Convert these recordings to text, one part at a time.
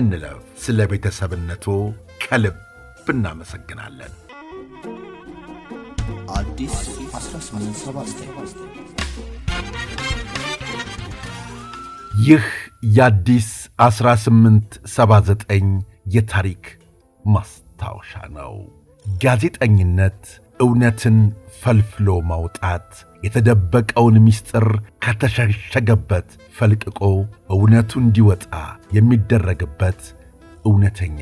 እንለፍ። ስለ ቤተሰብነቱ ከልብ እናመሰግናለን። ይህ የአዲስ 1879 የታሪክ ማስታወሻ ነው። ጋዜጠኝነት እውነትን ፈልፍሎ ማውጣት የተደበቀውን ምስጢር ከተሸሸገበት ፈልቅቆ እውነቱ እንዲወጣ የሚደረግበት እውነተኛ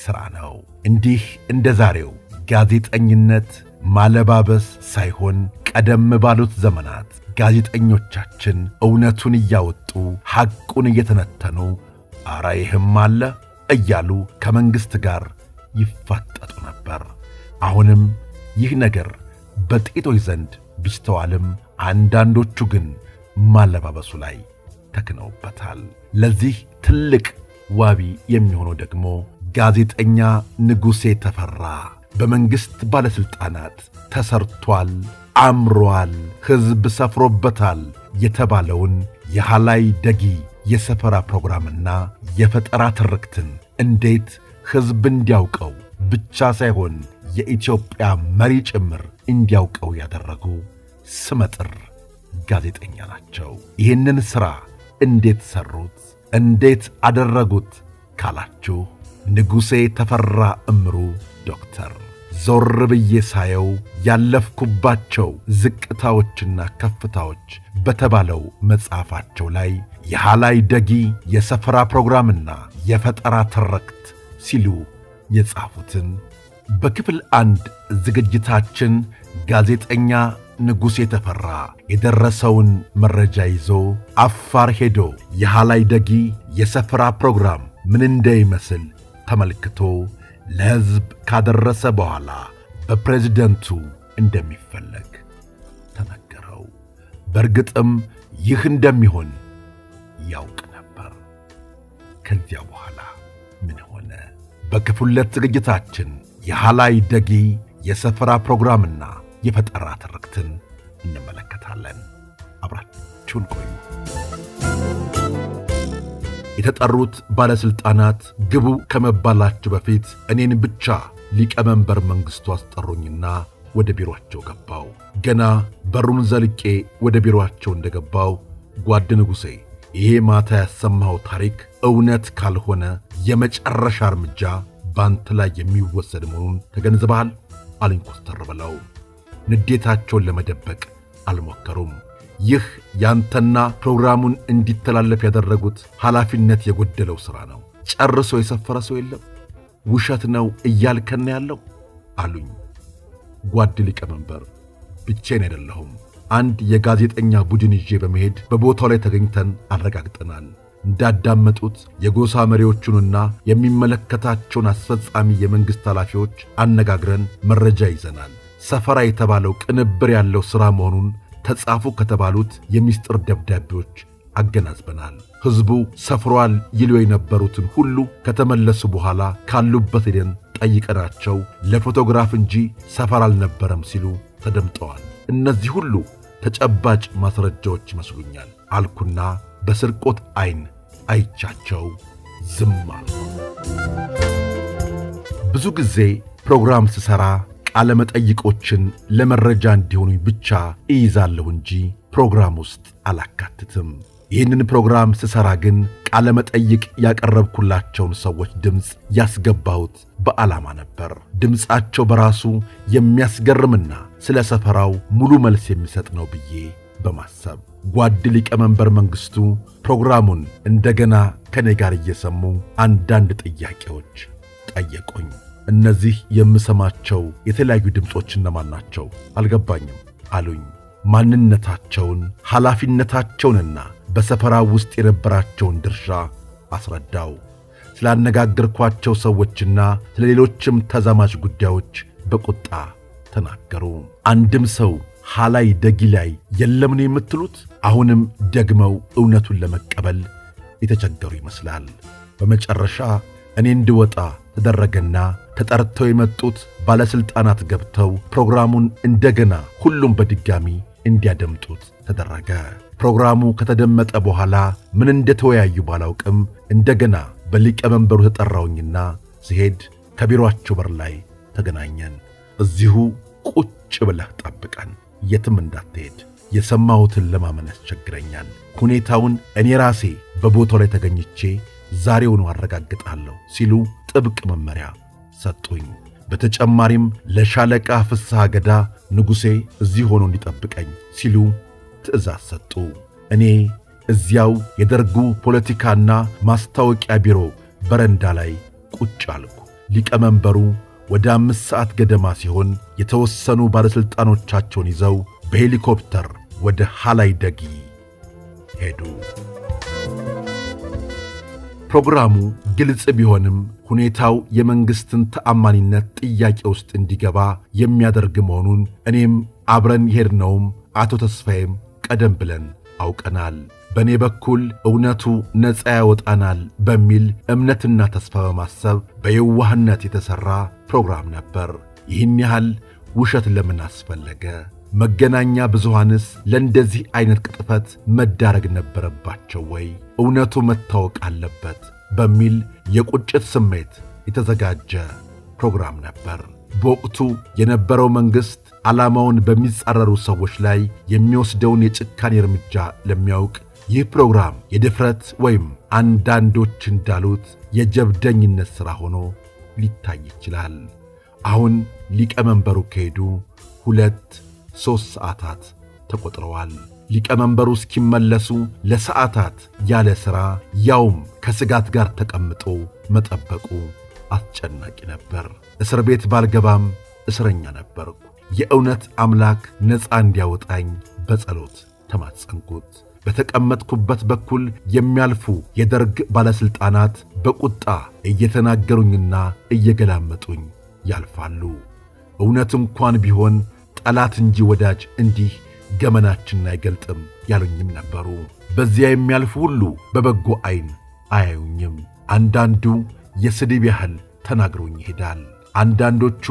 ሥራ ነው። እንዲህ እንደ ዛሬው ጋዜጠኝነት ማለባበስ ሳይሆን ቀደም ባሉት ዘመናት ጋዜጠኞቻችን እውነቱን እያወጡ ሐቁን እየተነተኑ አረ ይህም አለ እያሉ ከመንግሥት ጋር ይፋጠጡ ነበር። አሁንም ይህ ነገር በጥቂቶች ዘንድ ቢስተዋልም አንዳንዶቹ ግን ማለባበሱ ላይ ተክነውበታል። ለዚህ ትልቅ ዋቢ የሚሆነው ደግሞ ጋዜጠኛ ንጉሴ ተፈራ በመንግሥት ባለሥልጣናት ተሰርቷል፣ አምሯል፣ ሕዝብ ሰፍሮበታል የተባለውን የሃላይ ደጊ የሰፈራ ፕሮግራምና የፈጠራ ትርክትን እንዴት ሕዝብ እንዲያውቀው ብቻ ሳይሆን የኢትዮጵያ መሪ ጭምር እንዲያውቀው ያደረጉ ስመጥር ጋዜጠኛ ናቸው። ይህንን ሥራ እንዴት ሠሩት? እንዴት አደረጉት ካላችሁ ንጉሴ ተፈራ እምሩ ዶክተር ዞር ብዬ ሳየው ያለፍኩባቸው ዝቅታዎችና ከፍታዎች በተባለው መጽሐፋቸው ላይ የሃላይ ደጊ የሰፈራ ፕሮግራምና የፈጠራ ትርክት ሲሉ የጻፉትን በክፍል አንድ ዝግጅታችን ጋዜጠኛ ንጉሥ የተፈራ የደረሰውን መረጃ ይዞ አፋር ሄዶ የሃላይ ደጊ የሰፈራ ፕሮግራም ምን እንደሚመስል ተመልክቶ ለሕዝብ ካደረሰ በኋላ በፕሬዝደንቱ እንደሚፈለግ ተነገረው። በእርግጥም ይህ እንደሚሆን ያውቅ ነበር። ከዚያ በኋላ በክፉለት ዝግጅታችን የሃላይ ደጊ የሰፈራ ፕሮግራምና የፈጠራ ትርክትን እንመለከታለን። አብራችሁን ቆዩ። የተጠሩት ባለሥልጣናት ግቡ ከመባላቸው በፊት እኔን ብቻ ሊቀመንበር መንግሥቱ አስጠሩኝና ወደ ቢሮአቸው ገባው። ገና በሩን ዘልቄ ወደ ቢሮአቸው እንደገባው ጓድ ንጉሴ ይሄ ማታ ያሰማኸው ታሪክ እውነት ካልሆነ የመጨረሻ እርምጃ ባንተ ላይ የሚወሰድ መሆኑን ተገንዝበሃል አለኝ ኮስተር ብለው። ንዴታቸውን ለመደበቅ አልሞከሩም። ይህ ያንተና ፕሮግራሙን እንዲተላለፍ ያደረጉት ኃላፊነት የጎደለው ሥራ ነው። ጨርሶ የሰፈረ ሰው የለም። ውሸት ነው እያልከን ያለው አሉኝ። ጓድ ሊቀመንበር፣ ብቻዬን አይደለሁም። አንድ የጋዜጠኛ ቡድን ይዤ በመሄድ በቦታው ላይ ተገኝተን አረጋግጠናል። እንዳዳመጡት የጎሳ መሪዎቹንና የሚመለከታቸውን አስፈጻሚ የመንግሥት ኃላፊዎች አነጋግረን መረጃ ይዘናል። ሰፈራ የተባለው ቅንብር ያለው ሥራ መሆኑን ተጻፉ ከተባሉት የምስጢር ደብዳቤዎች አገናዝበናል። ሕዝቡ ሰፍሯል ይሉ የነበሩትን ሁሉ ከተመለሱ በኋላ ካሉበት ሄደን ጠይቀናቸው ለፎቶግራፍ እንጂ ሰፈር አልነበረም ሲሉ ተደምጠዋል። እነዚህ ሁሉ ተጨባጭ ማስረጃዎች ይመስሉኛል አልኩና በስርቆት ዐይን አይቻቸው ዝም አልኩ። ብዙ ጊዜ ፕሮግራም ስሠራ ቃለ መጠይቆችን ለመረጃ እንዲሆኑኝ ብቻ እይዛለሁ እንጂ ፕሮግራም ውስጥ አላካትትም። ይህንን ፕሮግራም ስሠራ ግን ቃለ መጠይቅ ያቀረብኩላቸውን ሰዎች ድምፅ ያስገባሁት በዓላማ ነበር። ድምፃቸው በራሱ የሚያስገርምና ስለ ሰፈራው ሙሉ መልስ የሚሰጥ ነው ብዬ በማሰብ ጓድ ሊቀመንበር መንግሥቱ ፕሮግራሙን እንደገና ከኔ ጋር እየሰሙ አንዳንድ ጥያቄዎች ጠየቁኝ። እነዚህ የምሰማቸው የተለያዩ ድምፆች እነማን ናቸው? አልገባኝም አሉኝ። ማንነታቸውን ኃላፊነታቸውንና በሰፈራ ውስጥ የነበራቸውን ድርሻ አስረዳው። ስላነጋገርኳቸው ሰዎችና ስለ ሌሎችም ተዛማጅ ጉዳዮች በቁጣ ተናገሩ። አንድም ሰው ሃላይ ደጊ ላይ የለምን የምትሉት? አሁንም ደግመው እውነቱን ለመቀበል የተቸገሩ ይመስላል። በመጨረሻ እኔ እንድወጣ ተደረገና ተጠርተው የመጡት ባለሥልጣናት ገብተው ፕሮግራሙን እንደገና ሁሉም በድጋሚ እንዲያደምጡት ተደረገ። ፕሮግራሙ ከተደመጠ በኋላ ምን እንደተወያዩ ባላውቅም እንደገና በሊቀመንበሩ ተጠራውኝና ስሄድ ከቢሮአቸው በር ላይ ተገናኘን። እዚሁ ቁጭ ብለህ ጠብቀን፣ የትም እንዳትሄድ፣ የሰማሁትን ለማመን ያስቸግረኛል። ሁኔታውን እኔ ራሴ በቦታው ላይ ተገኝቼ ዛሬውኑ አረጋግጣለሁ ሲሉ ጥብቅ መመሪያ ሰጡኝ። በተጨማሪም ለሻለቃ ፍስሐ ገዳ ንጉሴ እዚህ ሆኖ እንዲጠብቀኝ ሲሉ ትእዛዝ ሰጡ። እኔ እዚያው የደርጉ ፖለቲካና ማስታወቂያ ቢሮ በረንዳ ላይ ቁጭ አልኩ። ሊቀመንበሩ ወደ አምስት ሰዓት ገደማ ሲሆን የተወሰኑ ባለሥልጣኖቻቸውን ይዘው በሄሊኮፕተር ወደ ሃላይ ደጊ ሄዱ። ፕሮግራሙ ግልጽ ቢሆንም ሁኔታው የመንግሥትን ተአማኒነት ጥያቄ ውስጥ እንዲገባ የሚያደርግ መሆኑን እኔም አብረን የሄድነውም አቶ ተስፋዬም ቀደም ብለን አውቀናል። በእኔ በኩል እውነቱ ነፃ ያወጣናል በሚል እምነትና ተስፋ በማሰብ በየዋህነት የተሠራ ፕሮግራም ነበር። ይህን ያህል ውሸት ለምን አስፈለገ? መገናኛ ብዙሃንስ ለእንደዚህ አይነት ቅጥፈት መዳረግ ነበረባቸው ወይ? እውነቱ መታወቅ አለበት በሚል የቁጭት ስሜት የተዘጋጀ ፕሮግራም ነበር። በወቅቱ የነበረው መንግሥት ዓላማውን በሚጻረሩ ሰዎች ላይ የሚወስደውን የጭካኔ እርምጃ ለሚያውቅ ይህ ፕሮግራም የድፍረት ወይም አንዳንዶች እንዳሉት የጀብደኝነት ሥራ ሆኖ ሊታይ ይችላል። አሁን ሊቀመንበሩ ከሄዱ ሁለት ሦስት ሰዓታት ተቆጥረዋል። ሊቀመንበሩ እስኪመለሱ ለሰዓታት ያለ ሥራ ያውም ከስጋት ጋር ተቀምጦ መጠበቁ አስጨናቂ ነበር። እስር ቤት ባልገባም እስረኛ ነበርኩ። የእውነት አምላክ ነፃ እንዲያወጣኝ በጸሎት ተማጸንኩት። በተቀመጥኩበት በኩል የሚያልፉ የደርግ ባለሥልጣናት በቁጣ እየተናገሩኝና እየገላመጡኝ ያልፋሉ። እውነት እንኳን ቢሆን ጠላት እንጂ ወዳጅ እንዲህ ገመናችንን አይገልጥም ያሉኝም ነበሩ። በዚያ የሚያልፉ ሁሉ በበጎ ዐይን አያዩኝም። አንዳንዱ የስድብ ያህል ተናግሮኝ ይሄዳል። አንዳንዶቹ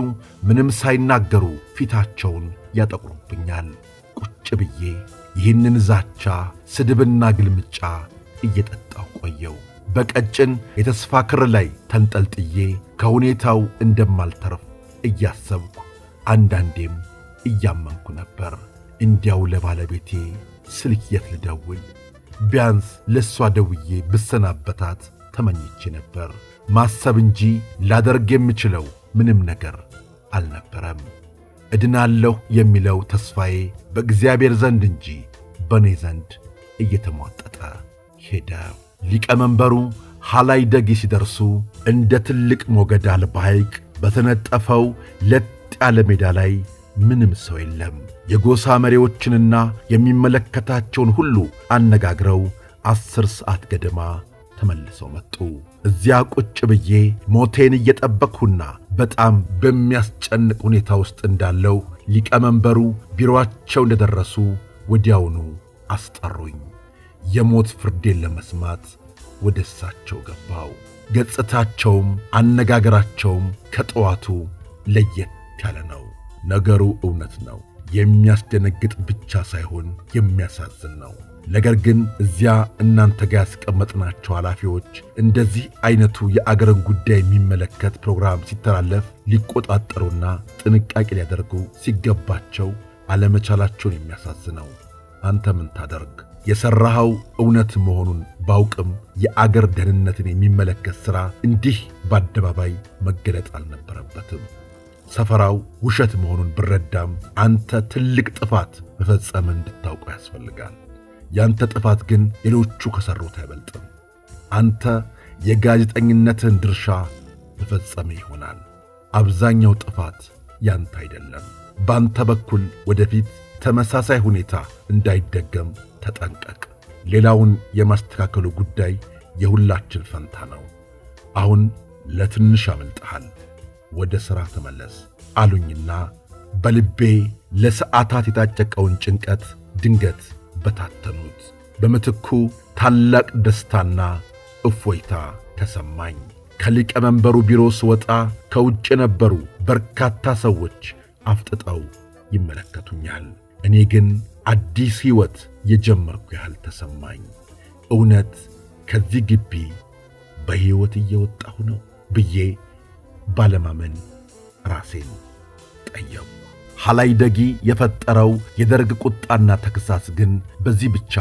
ምንም ሳይናገሩ ፊታቸውን ያጠቁሩብኛል። ቁጭ ብዬ ይህንን ዛቻ፣ ስድብና ግልምጫ እየጠጣው ቆየው። በቀጭን የተስፋ ክር ላይ ተንጠልጥዬ ከሁኔታው እንደማልተርፍ እያሰብኩ አንዳንዴም እያመንኩ ነበር። እንዲያው ለባለቤቴ ስልክ የት ልደውል? ቢያንስ ለእሷ ደውዬ ብሰናበታት ተመኝቼ ነበር። ማሰብ እንጂ ላደርግ የምችለው ምንም ነገር አልነበረም። እድናለሁ የሚለው ተስፋዬ በእግዚአብሔር ዘንድ እንጂ በእኔ ዘንድ እየተሟጠጠ ሄደ። ሊቀመንበሩ ሃላይ ደጊ ሲደርሱ እንደ ትልቅ ሞገድ አልባ ሐይቅ በተነጠፈው ለጥ ያለ ሜዳ ላይ ምንም ሰው የለም። የጎሳ መሪዎችንና የሚመለከታቸውን ሁሉ አነጋግረው አስር ሰዓት ገደማ ተመልሰው መጡ። እዚያ ቁጭ ብዬ ሞቴን እየጠበቅሁና በጣም በሚያስጨንቅ ሁኔታ ውስጥ እንዳለው ሊቀመንበሩ ቢሮአቸው እንደደረሱ ወዲያውኑ አስጠሩኝ። የሞት ፍርዴን ለመስማት ወደ እሳቸው ገባው። ገጽታቸውም አነጋገራቸውም ከጠዋቱ ለየት ያለ ነው። ነገሩ እውነት ነው። የሚያስደነግጥ ብቻ ሳይሆን የሚያሳዝን ነው። ነገር ግን እዚያ እናንተ ጋር ያስቀመጥናቸው ኃላፊዎች እንደዚህ አይነቱ የአገርን ጉዳይ የሚመለከት ፕሮግራም ሲተላለፍ ሊቆጣጠሩና ጥንቃቄ ሊያደርጉ ሲገባቸው አለመቻላቸውን የሚያሳዝነው። አንተ ምን ታደርግ? የሠራኸው እውነት መሆኑን ባውቅም የአገር ደህንነትን የሚመለከት ሥራ እንዲህ በአደባባይ መገለጥ አልነበረበትም። ሰፈራው ውሸት መሆኑን ብረዳም አንተ ትልቅ ጥፋት መፈጸምን እንድታውቀው ያስፈልጋል። ያንተ ጥፋት ግን ሌሎቹ ከሠሩት አይበልጥም። አንተ የጋዜጠኝነትን ድርሻ ተፈጸመ ይሆናል። አብዛኛው ጥፋት ያንተ አይደለም። ባንተ በኩል ወደፊት ተመሳሳይ ሁኔታ እንዳይደገም ተጠንቀቅ። ሌላውን የማስተካከሉ ጉዳይ የሁላችን ፈንታ ነው። አሁን ለትንሽ አመልጠሃል፣ ወደ ሥራ ተመለስ አሉኝና በልቤ ለሰዓታት የታጨቀውን ጭንቀት ድንገት በታተኑት። በምትኩ ታላቅ ደስታና እፎይታ ተሰማኝ። ከሊቀ መንበሩ ቢሮ ስወጣ ከውጭ የነበሩ በርካታ ሰዎች አፍጥጠው ይመለከቱኛል። እኔ ግን አዲስ ሕይወት የጀመርኩ ያህል ተሰማኝ። እውነት ከዚህ ግቢ በሕይወት እየወጣሁ ነው ብዬ ባለማመን ራሴን ጠየቁ። ደጊ የፈጠረው የደርግ ቁጣና ተክሳስ ግን በዚህ ብቻ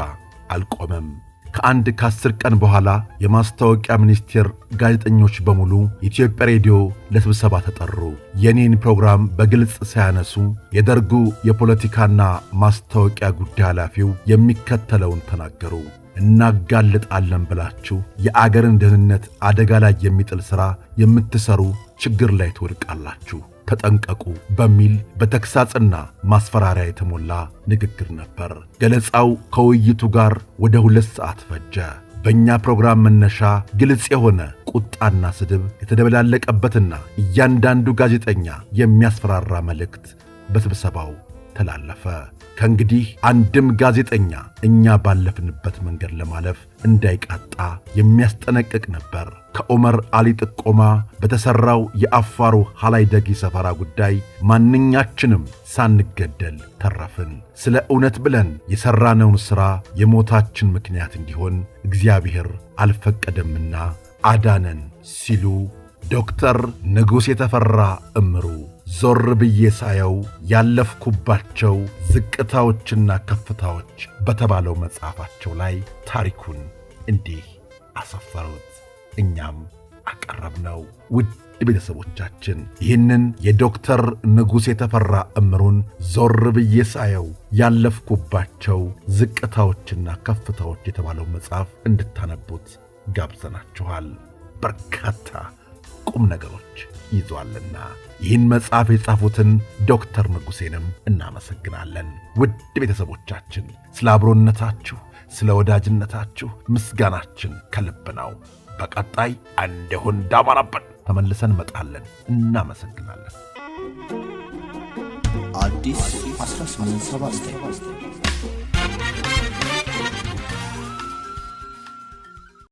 አልቆመም። ከአንድ ከአስር ቀን በኋላ የማስታወቂያ ሚኒስቴር ጋዜጠኞች በሙሉ የኢትዮጵያ ሬዲዮ ለስብሰባ ተጠሩ። የኔን ፕሮግራም በግልጽ ሳያነሱ የደርጉ የፖለቲካና ማስታወቂያ ጉዳይ ኃላፊው የሚከተለውን ተናገሩ። እናጋልጣለን ብላችሁ የአገርን ደህንነት አደጋ ላይ የሚጥል ሥራ የምትሠሩ ችግር ላይ ትወድቃላችሁ። ተጠንቀቁ በሚል በተግሳጽና ማስፈራሪያ የተሞላ ንግግር ነበር። ገለጻው ከውይይቱ ጋር ወደ ሁለት ሰዓት ፈጀ። በእኛ ፕሮግራም መነሻ ግልጽ የሆነ ቁጣና ስድብ የተደበላለቀበትና እያንዳንዱ ጋዜጠኛ የሚያስፈራራ መልእክት በስብሰባው ተላለፈ። ከእንግዲህ አንድም ጋዜጠኛ እኛ ባለፍንበት መንገድ ለማለፍ እንዳይቃጣ የሚያስጠነቅቅ ነበር። ከኦመር አሊ ጥቆማ በተሠራው የአፋሩ ሃላይደጊ ሰፈራ ጉዳይ ማንኛችንም ሳንገደል ተረፍን። ስለ እውነት ብለን የሠራነውን ሥራ የሞታችን ምክንያት እንዲሆን እግዚአብሔር አልፈቀደምና አዳነን ሲሉ ዶክተር ንጉሥ የተፈራ እምሩ ዞር ብዬ ሳየው ያለፍኩባቸው ዝቅታዎችና ከፍታዎች በተባለው መጽሐፋቸው ላይ ታሪኩን እንዲህ አሰፈሩት፣ እኛም አቀረብነው። ውድ ቤተሰቦቻችን ይህንን የዶክተር ንጉሥ የተፈራ እምሩን ዞር ብዬ ሳየው ያለፍኩባቸው ዝቅታዎችና ከፍታዎች የተባለው መጽሐፍ እንድታነቡት ጋብዘናችኋል። በርካታ ቁም ነገሮች ይዟልና ይህን መጽሐፍ የጻፉትን ዶክተር ንጉሴንም እናመሰግናለን። ውድ ቤተሰቦቻችን ስለ አብሮነታችሁ፣ ስለ ወዳጅነታችሁ ምስጋናችን ከልብ ነው። በቀጣይ አንደሆን ዳማራበን ተመልሰን መጣለን። እናመሰግናለን። አዲስ 1879